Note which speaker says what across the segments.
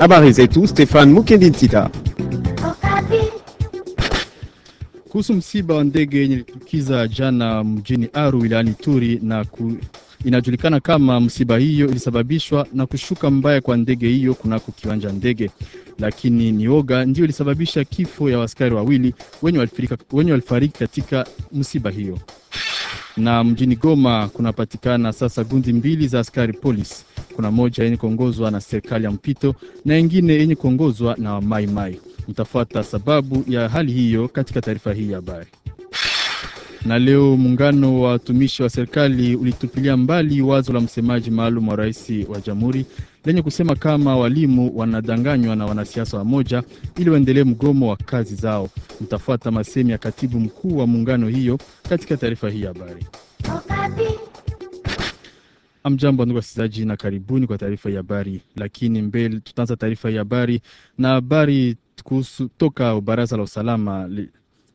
Speaker 1: Habari zetu Stefan Mukendintila.
Speaker 2: Kuhusu msiba wa ndege yenye ilitukiza jana mjini Aru wilayani Turi na ku... inajulikana kama msiba hiyo ilisababishwa na kushuka mbaya kwa ndege hiyo kunako kiwanja ndege, lakini ni oga ndiyo ilisababisha kifo ya waskari wawili wenye walifariki katika msiba hiyo na mjini Goma kunapatikana sasa gundi mbili za askari polisi. Kuna moja yenye kuongozwa na serikali ya mpito na ingine yenye kuongozwa na Maimai. Mtafuata sababu ya hali hiyo katika taarifa hii ya habari na leo muungano wa watumishi wa serikali ulitupilia mbali wazo la msemaji maalum wa rais wa jamhuri lenye kusema kama walimu wanadanganywa na wanasiasa wamoja ili waendelee mgomo wa kazi zao. Mtafuata masemi ya katibu mkuu wa muungano hiyo katika taarifa hii ya habari. Amjambo ndugu wasikilizaji, na karibuni kwa taarifa ya habari. Lakini mbele tutaanza taarifa ya habari na habari kuhusu toka baraza la usalama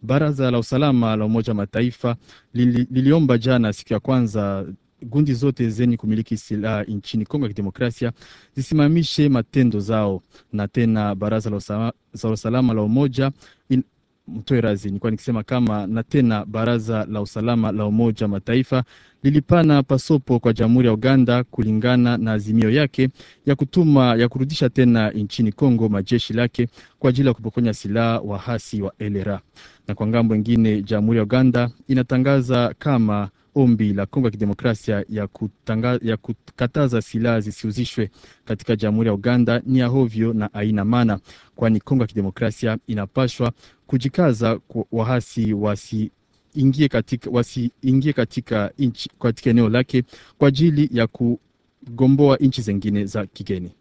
Speaker 2: Baraza la usalama la Umoja wa Mataifa lili, liliomba jana siku ya kwanza gundi zote zenye kumiliki silaha nchini Kongo ya Kidemokrasia zisimamishe matendo zao, na tena baraza la usalama la Umoja in, mtoe razi nikuwa nikisema kama na tena, baraza la usalama la Umoja Mataifa lilipana pasopo kwa jamhuri ya Uganda kulingana na azimio yake ya kutuma ya kurudisha tena nchini Kongo majeshi lake kwa ajili ya kupokonya silaha wahasi wa LRA. Na kwa ngambo ingine, jamhuri ya Uganda inatangaza kama ombi la Kongo ya Kidemokrasia ya, kutanga, ya kukataza silaha zisiuzishwe katika Jamhuri ya Uganda ni ya hovyo na aina maana, kwani Kongo ya Kidemokrasia inapashwa kujikaza kwa wahasi wasi ingie katika wasiingie katika inchi, katika eneo lake kwa ajili ya kugomboa nchi zingine za kigeni.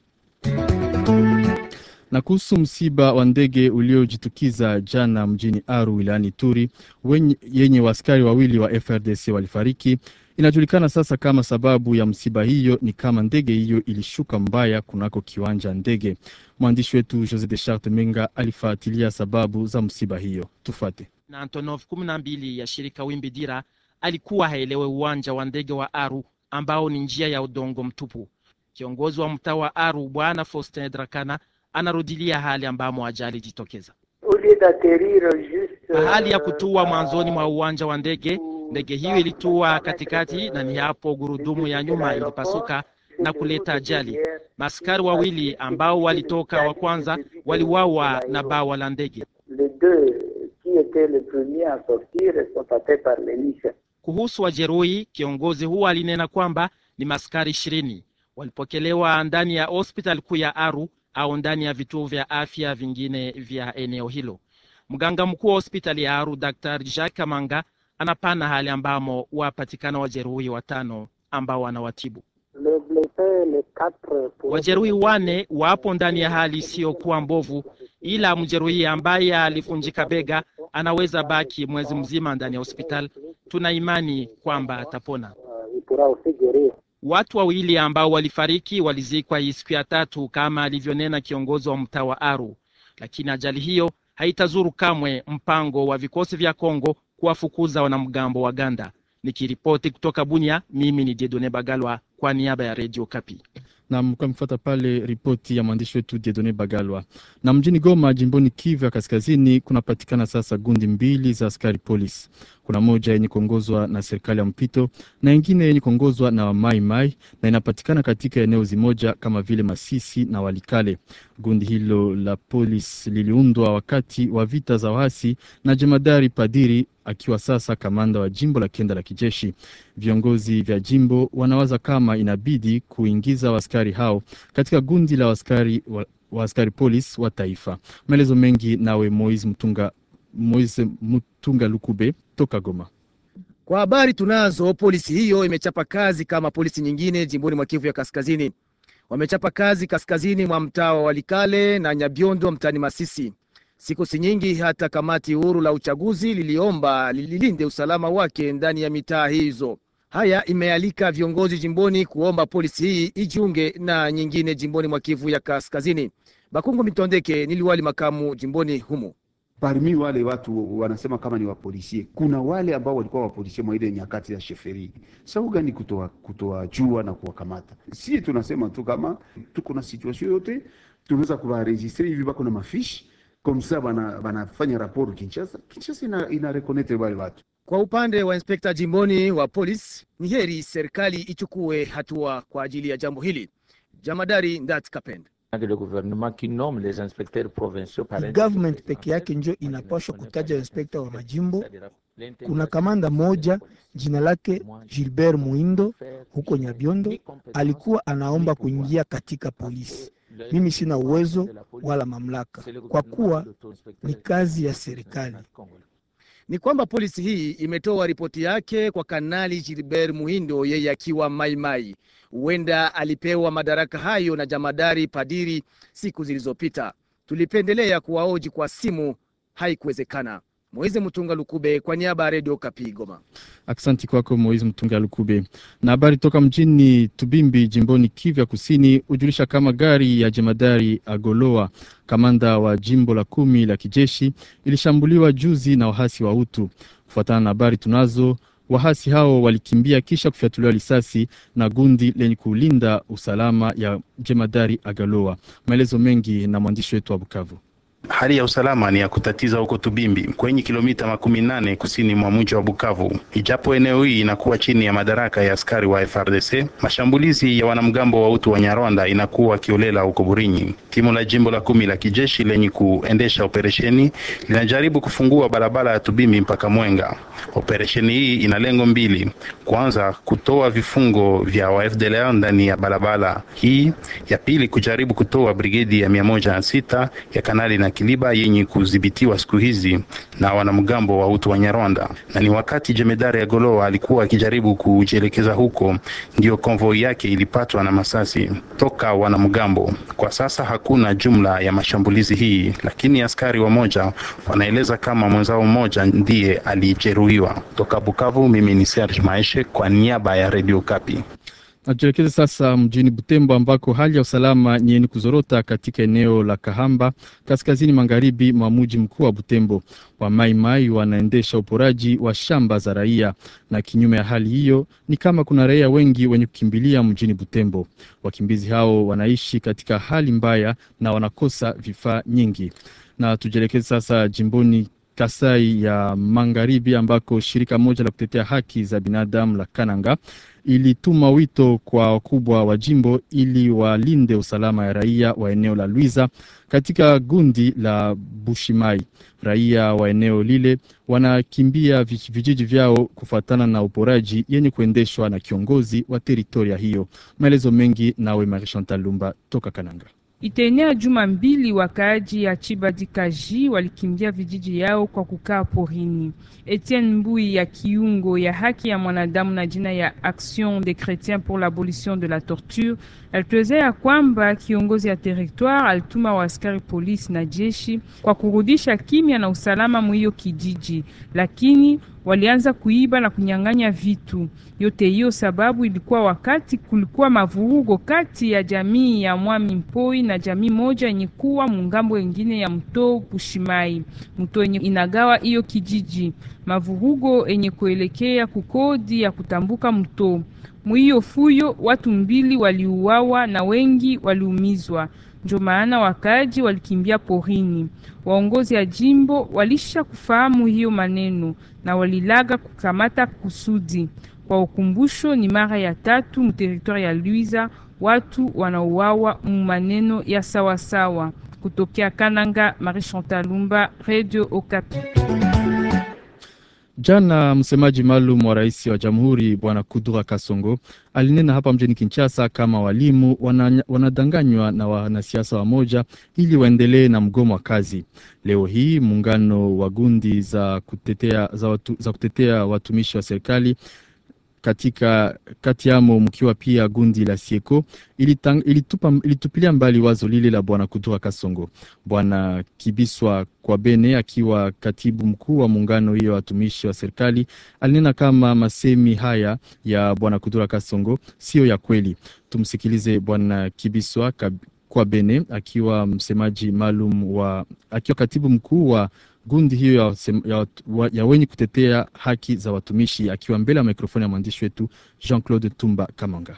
Speaker 2: Na kuhusu msiba wa ndege uliojitukiza jana mjini Aru wilayani Turi wenye, yenye waskari wawili wa FRDC walifariki, inajulikana sasa kama sababu ya msiba hiyo ni kama ndege hiyo ilishuka mbaya kunako kiwanja ndege. Mwandishi wetu Jose de Charte Menga alifuatilia sababu za msiba hiyo, tufate.
Speaker 3: Na
Speaker 4: Antonov 12 ya shirika Wimbi Dira alikuwa haelewe uwanja wa ndege wa Aru ambao ni njia ya udongo mtupu. Kiongozi wa mtaa wa Aru Bwana Faustin Drakana anarudilia hali ambamo ajali ilijitokeza, hali ya uh, kutua mwanzoni mwa uh, uwanja wa ndege. Ndege hiyo ilitua katikati, na ni hapo gurudumu ya nyuma ilipasuka na kuleta ajali. Maskari wawili ambao walitoka wa kwanza waliwawa na bawa la ndege. Kuhusu wajeruhi, kiongozi huo alinena kwamba ni maskari ishirini walipokelewa ndani ya hospitali kuu ya Aru au ndani ya vituo vya afya vingine vya eneo hilo. Mganga mkuu wa hospitali ya Aru Dr. Jacques Kamanga anapana hali ambamo wapatikana wajeruhi watano ambao wanawatibu wajeruhi wane wapo ndani ya hali isiyokuwa mbovu, ila mjeruhi ambaye alifunjika bega anaweza baki mwezi mzima ndani ya hospitali. Tuna imani kwamba atapona. Watu wawili ambao walifariki walizikwa hii siku ya tatu kama alivyonena kiongozi wa mtaa wa Aru, lakini ajali hiyo haitazuru kamwe mpango wa vikosi vya Kongo kuwafukuza wanamgambo wa Ganda. Nikiripoti kutoka Bunia, mimi ni Jedone Bagalwa kwa niaba ya Radio Kapi
Speaker 2: na mlikuwa mkifuata pale ripoti ya mwandishi wetu Diedone Bagalwa. Na mjini Goma, jimboni Kivu ya Kaskazini, kunapatikana sasa gundi mbili za askari polisi. Kuna moja yenye kuongozwa na serikali ya mpito na ingine yenye kuongozwa na mai, na inapatikana katika eneo zimoja kama vile Masisi na Walikale. Gundi hilo la polisi liliundwa wakati wa vita za waasi na jemadari Padiri akiwa sasa kamanda wa jimbo la kenda la kijeshi. Viongozi vya jimbo wanawaza kama inabidi kuingiza waskari askari hao katika gundi la askari wa, wa askari polisi wa taifa. Maelezo mengi nawe Moise Mtunga, Moise Mtunga Lukube toka Goma.
Speaker 5: Kwa habari tunazo, polisi hiyo imechapa kazi kama polisi nyingine jimboni mwa Kivu ya Kaskazini. Wamechapa kazi kaskazini mwa mtaa wa Walikale na Nyabiondo mtaani Masisi. Siku si nyingi hata kamati huru la uchaguzi liliomba lililinde usalama wake ndani ya mitaa hizo. Haya imealika viongozi jimboni kuomba polisi hii ijiunge na nyingine jimboni mwa Kivu ya Kaskazini. Bakungu Mitondeke ni liwali makamu jimboni humo.
Speaker 1: Parmi wale watu wanasema kama ni wapolisie, kuna wale ambao walikuwa wapolisie mwa ile nyakati ya sheferi. Sauga ni kutoa kutoa jua na kuwakamata. Sisi tunasema tu kama tuko na situation yote tunaweza kuwaregistre hivi bako na mafishi komsa bana banafanya Kinshasa. Kinshasa ina, ina reconnaître wale
Speaker 5: watu kwa upande wa inspekta jimboni wa polisi, ni heri serikali ichukue hatua kwa ajili ya jambo hili. Jamadari Ndat Kapenda Government peke yake njo inapashwa kutaja inspekta wa majimbo. Kuna kamanda moja jina lake Gilbert Muindo huko Nyabiondo alikuwa anaomba kuingia katika polisi. Mimi sina uwezo wala mamlaka, kwa kuwa ni kazi ya serikali ni kwamba polisi hii imetoa ripoti yake kwa Kanali Gilbert Muhindo, yeye akiwa Maimai. Huenda alipewa madaraka hayo na jamadari Padiri siku zilizopita. Tulipendelea kuwaoji kwa simu, haikuwezekana. Moise Mtunga Lukube kwa niaba ya Redio Kapi Goma.
Speaker 2: Aksanti kwako Moise Mtunga Lukube. Na habari toka mjini Tubimbi jimboni Kivya Kusini hujulisha kama gari ya jemadari Agoloa, kamanda wa jimbo la kumi la kijeshi, ilishambuliwa juzi na wahasi wa Hutu. Kufuatana na habari tunazo wahasi hao walikimbia kisha kufyatuliwa risasi na gundi lenye kulinda usalama ya jemadari agoloa Maelezo mengi na mwandishi wetu wa Bukavu.
Speaker 6: Hali ya usalama ni ya kutatiza huko Tubimbi kwenye kilomita makumi nane kusini mwa mji wa Bukavu. Ijapo eneo hii inakuwa chini ya madaraka ya askari wa FRDC, mashambulizi ya wanamgambo wa utu wa Nyarwanda inakuwa kiolela huko Burinyi. Timu la jimbo la kumi la kijeshi lenye kuendesha operesheni linajaribu kufungua barabara ya Tubimbi mpaka Mwenga. Operesheni hii ina lengo mbili: kwanza, kutoa vifungo vya wa FDLR ndani ya barabara hii; ya pili, kujaribu kutoa brigedi ya mia moja na sita ya kanali na Kiliba yenye kudhibitiwa siku hizi na wanamgambo wa utu wa Nyarwanda, na ni wakati jemedari ya Golowa alikuwa akijaribu kujielekeza huko, ndiyo konvoi yake ilipatwa na masasi toka wanamgambo. Kwa sasa hakuna jumla ya mashambulizi hii, lakini askari wamoja wanaeleza kama mwenzao mmoja ndiye alijeruhiwa. Toka Bukavu, mimi ni Serge Maeshe kwa niaba ya Radio Kapi.
Speaker 2: Najielekeze sasa mjini Butembo ambako hali ya usalama ni yenye kuzorota katika eneo la Kahamba kaskazini magharibi mwa mji mkuu wa Butembo. Wamaimai wanaendesha uporaji wa shamba za raia, na kinyume ya hali hiyo ni kama kuna raia wengi wenye kukimbilia mjini Butembo. Wakimbizi hao wanaishi katika hali mbaya na wanakosa vifaa nyingi. Na tujielekeze sasa jimboni Kasai ya Magharibi ambako shirika moja la kutetea haki za binadamu la Kananga ilituma wito kwa wakubwa wa jimbo ili walinde usalama ya raia wa eneo la Luiza katika gundi la Bushimai. Raia wa eneo lile wanakimbia vijiji vyao kufuatana na uporaji yenye kuendeshwa na kiongozi wa teritoria hiyo. Maelezo mengi nawe Marie Chantal Lumba toka Kananga.
Speaker 3: Itaenea juma mbili wakaaji ya kaji walikimbia vijiji yao kwa kukaa porini. Etienne Mbui ya kiungo ya haki ya mwanadamu na jina ya Action des chrétiens pour l'abolition de la torture alituelezea ya kwamba kiongozi ya territoire alituma waaskari polisi na jeshi kwa kurudisha kimya na usalama mwiyo kijiji, lakini walianza kuiba na kunyang'anya vitu. Yote hiyo sababu ilikuwa wakati kulikuwa mavurugo kati ya jamii ya Mwami Mpoi na jamii moja yenye kuwa mungambo wengine ya mto Pushimai, mto yenye inagawa hiyo kijiji, mavurugo yenye kuelekea kukodi ya kutambuka mto. Mwiyo fuyo watu mbili waliuawa na wengi waliumizwa ndio maana wakaji walikimbia porini. Waongozi ya jimbo walisha kufahamu hiyo maneno na walilaga kukamata kusudi. Kwa ukumbusho, ni mara ya tatu mteritori ya Luiza watu wanauawa mu maneno ya sawasawa. Kutokea Kananga, Marie Chantal Lumba, Radio Okapi.
Speaker 2: Jana msemaji maalum wa rais wa jamhuri bwana Kudura Kasongo alinena hapa mjini Kinshasa kama walimu wanadanganywa na wanasiasa wamoja ili waendelee na mgomo wa kazi. Leo hii muungano wa gundi za kutetea, za watu, za kutetea watumishi wa serikali katika kati yamo mkiwa pia gundi la Sieko ilitupa, ilitupilia mbali wazo lile la bwana kutoka Kasongo, bwana Kibiswa kwa Bene, akiwa katibu mkuu wa muungano hiyo watumishi wa serikali, alinena kama masemi haya ya bwana kutoka Kasongo siyo ya kweli. Tumsikilize bwana Kibiswa kwa Bene akiwa msemaji maalum wa akiwa katibu mkuu wa gundi hiyo ya, ya, ya wenye kutetea haki za watumishi, akiwa mbele ya mikrofoni ya mwandishi wetu Jean Claude Tumba Kamanga.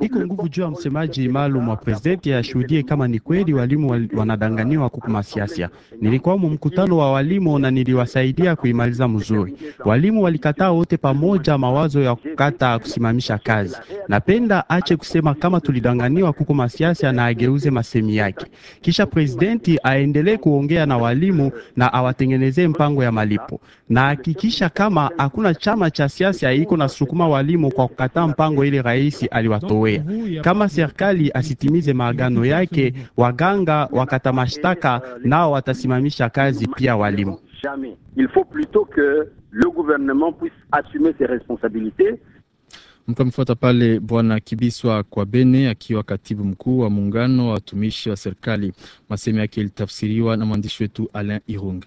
Speaker 1: Iko nguvu juu ya msemaji maalum wa presidenti ashuhudie kama ni kweli walimu wanadanganiwa kukumasiasia. Nilikuwamo mkutano wa walimu na niliwasaidia kuimaliza mzuri. Walimu walikataa wote pamoja mawazo ya kukata kusimamisha kazi. Napenda ache kusema kama tulidanganiwa siasa na ageuze masemi yake, kisha presidenti aendelee kuongea na walimu na awatengenezee mpango ya malipo na hakikisha kama hakuna chama cha siasa iko na sukuma walimu kwa kukataa mpango ile vile rais aliwatowea. Kama serikali asitimize maagano yake, waganga wakata mashtaka nao watasimamisha kazi pia walimu. Il faut plutôt que le gouvernement puisse assumer ses responsabilités.
Speaker 2: pale Bwana Kibiswa kwa Bene akiwa katibu mkuu wa muungano wa watumishi wa serikali. Maseme yake ilitafsiriwa na mwandishi wetu Alain Irunga.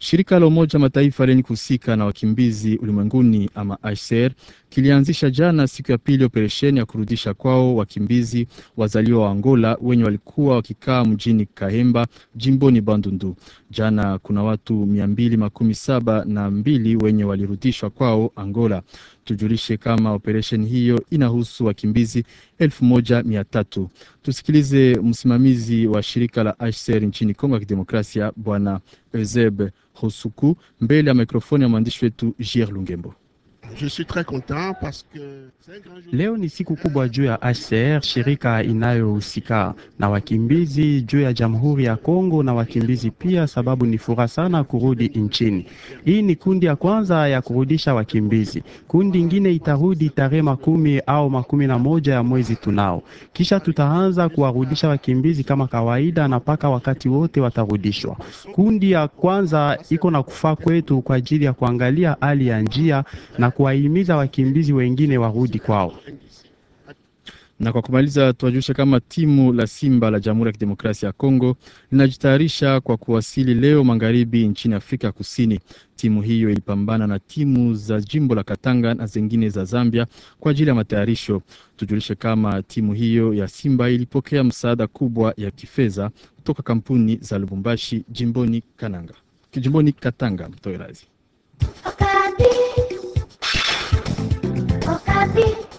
Speaker 2: Shirika la Umoja Mataifa lenye kuhusika na wakimbizi ulimwenguni ama HCR e kilianzisha jana siku ya pili operesheni ya kurudisha kwao wakimbizi wazaliwa wa Angola wenye walikuwa wakikaa mjini Kahemba jimboni Bandundu. Jana kuna watu mia mbili makumi saba na mbili wenye walirudishwa kwao Angola tujulishe kama operesheni hiyo inahusu wakimbizi elfu moja mia tatu. Tusikilize msimamizi wa shirika la HCR nchini Kongo ya Kidemokrasia, Bwana Ezeb Hosuku, mbele
Speaker 1: ya mikrofoni ya mwandishi wetu Jier Lungembo. Leo ni siku kubwa juu ya HCR, shirika inayohusika na wakimbizi juu ya Jamhuri ya Kongo na wakimbizi pia, sababu ni furaha sana kurudi nchini. Hii ni kundi ya kwanza ya kurudisha wakimbizi. Kundi ingine itarudi tarehe makumi au makumi na moja ya mwezi tunao, kisha tutaanza kuwarudisha wakimbizi kama kawaida, na mpaka wakati wote watarudishwa. Kundi ya kwanza iko na kufaa kwetu kwa ajili ya kuangalia hali ya njia na kuwahimiza wakimbizi wengine warudi kwao. Na kwa kumaliza, tuwajulishe kama timu la Simba la Jamhuri ya Kidemokrasia
Speaker 2: ya Kongo linajitayarisha kwa kuwasili leo magharibi nchini Afrika Kusini. Timu hiyo ilipambana na timu za jimbo la Katanga na zingine za Zambia kwa ajili ya matayarisho. Tujulishe kama timu hiyo ya Simba ilipokea msaada kubwa ya kifedha kutoka kampuni za Lubumbashi, jimboni Kananga, jimboni Katanga mtoerazi happy.